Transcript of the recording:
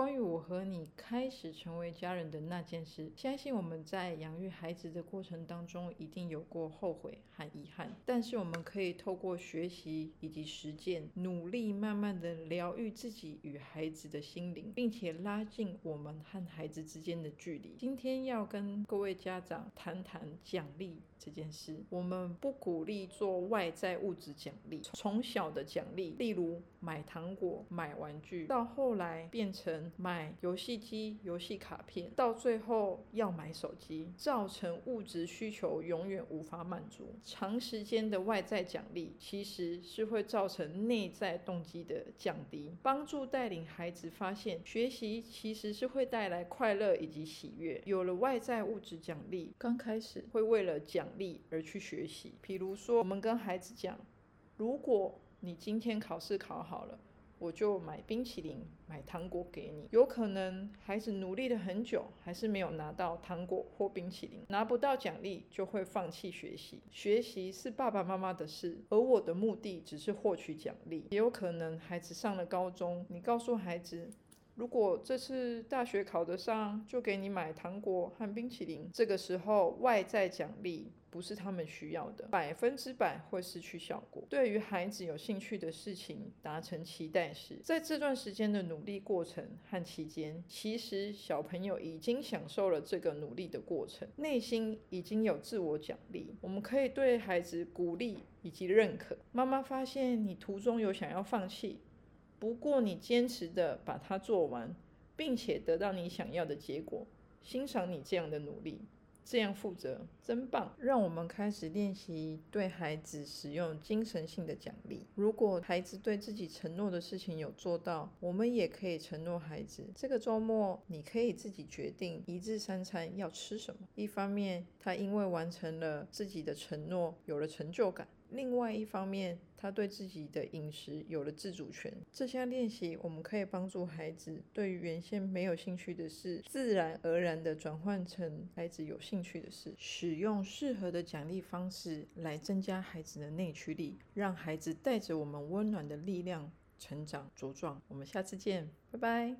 關於我和你開始成為家人的那件事，相信我們在養育孩子的過程當中，一定有過後悔和遺憾。但是我們可以透過學習以及實踐，努力慢慢地療癒自己與孩子的心靈，並且拉近我們和孩子之間的距離。今天要跟各位家長談談獎勵這件事。我們不鼓勵做外在物質獎勵，從小的獎勵，例如買糖果、買玩具，到後來變成，買遊戲機、遊戲卡片，到最後要買手機，造成物質需求永遠無法滿足。長時間的外在獎勵，其實是會造成內在動機的降低。幫助帶領孩子發現，學習其實是會帶來快樂以及喜悅。有了外在物質獎勵，剛開始會為了獎勵而去學習。比如說，我們跟孩子講，如果你今天考試考好了。我就買冰淇淋、買糖果給你。有可能孩子努力了很久，還是沒有拿到糖果或冰淇淋，拿不到獎勵就會放棄學習。學習是爸爸媽媽的事，而我的目的只是獲取獎勵。也有可能孩子上了高中，你告訴孩子。如果這次大學考得上，就給你買糖果和冰淇淋。這個時候，外在獎勵不是他們需要的，百分之百會失去效果。對於孩子有興趣的事情，達成期待時，在這段時間的努力過程和期間，其實小朋友已經享受了這個努力的過程，內心已經有自我獎勵。我們可以對孩子鼓勵以及認可。媽媽發現你途中有想要放棄。不過你堅持的把它做完，並且得到你想要的結果，欣賞你這樣的努力，這樣負責，真棒！讓我們開始練習對孩子使用精神性的獎勵。如果孩子對自己承諾的事情有做到，我們也可以承諾孩子：這個周末你可以自己決定一日三餐要吃什麼。一方面，他因為完成了自己的承諾，有了成就感；另外一方面，他對自己的飲食有了自主權。這項練習，我們可以幫助孩子對於原先沒有興趣的事，自然而然地轉換成孩子有興趣的事。使用適合的獎勵方式來增加孩子的內驅力，讓孩子帶着我們溫暖的力量成長茁壯。我們下次見，拜拜。